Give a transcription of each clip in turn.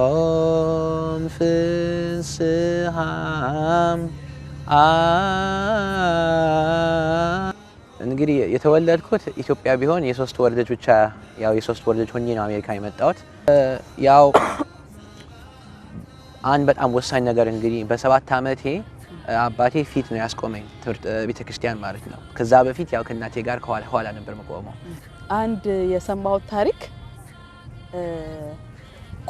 ኦም ፍስሃም እንግዲህ የተወለድኩት ኢትዮጵያ ቢሆን የሶስት ወር ልጅ ብቻ ያው የሶስት ወር ልጅ ሆኜ ነው አሜሪካ የመጣሁት። ያው አንድ በጣም ወሳኝ ነገር እንግዲህ በሰባት ዓመቴ አባቴ ፊት ነው ያስቆመኝ ትምህርት ቤተክርስቲያን ማለት ነው። ከዛ በፊት ያው ከእናቴ ጋር ከኋላ ነበር መቆመው። አንድ የሰማሁት ታሪክ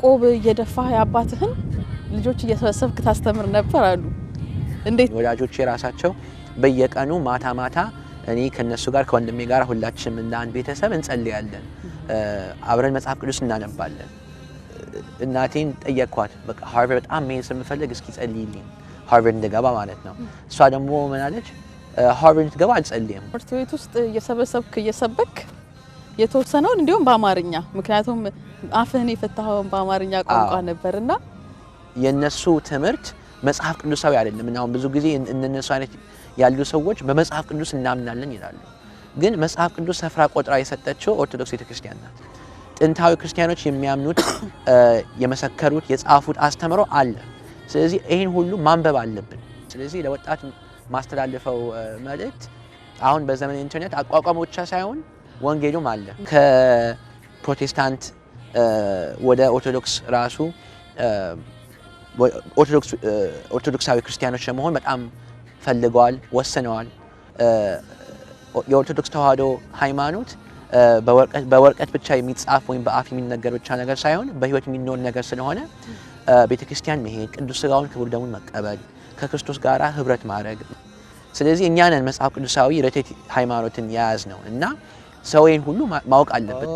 ቆብ እየደፋህ አባትህን ልጆች እየሰበሰብክ ታስተምር ነበር አሉ። እንዴት ወዳጆች የራሳቸው በየቀኑ ማታ ማታ እኔ ከነሱ ጋር ከወንድሜ ጋር ሁላችንም እንደ አንድ ቤተሰብ እንጸልያለን። አብረን መጽሐፍ ቅዱስ እናነባለን። እናቴን ጠየቅኳት። በቃ ሃርቨርድ በጣም መሄድ ስለምፈልግ እስኪ ጸልይልኝ ሃርቨርድ እንድገባ ማለት ነው። እሷ ደግሞ ምን አለች? ሃርቨርድ እንድትገባ አልጸልይም። ትምህርት ቤት ውስጥ እየሰበሰብክ እየሰበክ የተወሰነውን እንዲሁም በአማርኛ ምክንያቱም አፍህን የፈታኸውን በአማርኛ ቋንቋ ነበርና የእነሱ ትምህርት መጽሐፍ ቅዱሳዊ አይደለም አሁን ብዙ ጊዜ እነሱ አይነት ያሉ ሰዎች በመጽሐፍ ቅዱስ እናምናለን ይላሉ። ግን መጽሐፍ ቅዱስ ስፍራ ቆጥራ የሰጠችው ኦርቶዶክስ ቤተክርስቲያን ናት። ጥንታዊ ክርስቲያኖች የሚያምኑት የመሰከሩት፣ የጻፉት አስተምሮ አለ። ስለዚህ ይህን ሁሉ ማንበብ አለብን። ስለዚህ ለወጣት ማስተላልፈው መልእክት አሁን በዘመን ኢንተርኔት አቋቋም ብቻ ሳይሆን ወንጌሉም አለ ከፕሮቴስታንት ወደ ኦርቶዶክስ ራሱ ኦርቶዶክሳዊ ክርስቲያኖች ለመሆን በጣም ፈልገዋል፣ ወስነዋል። የኦርቶዶክስ ተዋህዶ ሃይማኖት በወረቀት ብቻ የሚጻፍ ወይም በአፍ የሚነገር ብቻ ነገር ሳይሆን በህይወት የሚኖር ነገር ስለሆነ ቤተክርስቲያን መሄድ፣ ቅዱስ ስጋውን ክቡር ደሙን መቀበል፣ ከክርስቶስ ጋር ህብረት ማድረግ። ስለዚህ እኛ ነን መጽሐፍ ቅዱሳዊ ርትዕት ሃይማኖትን የያዝ ነው እና ሰው ይህን ሁሉ ማወቅ አለበት።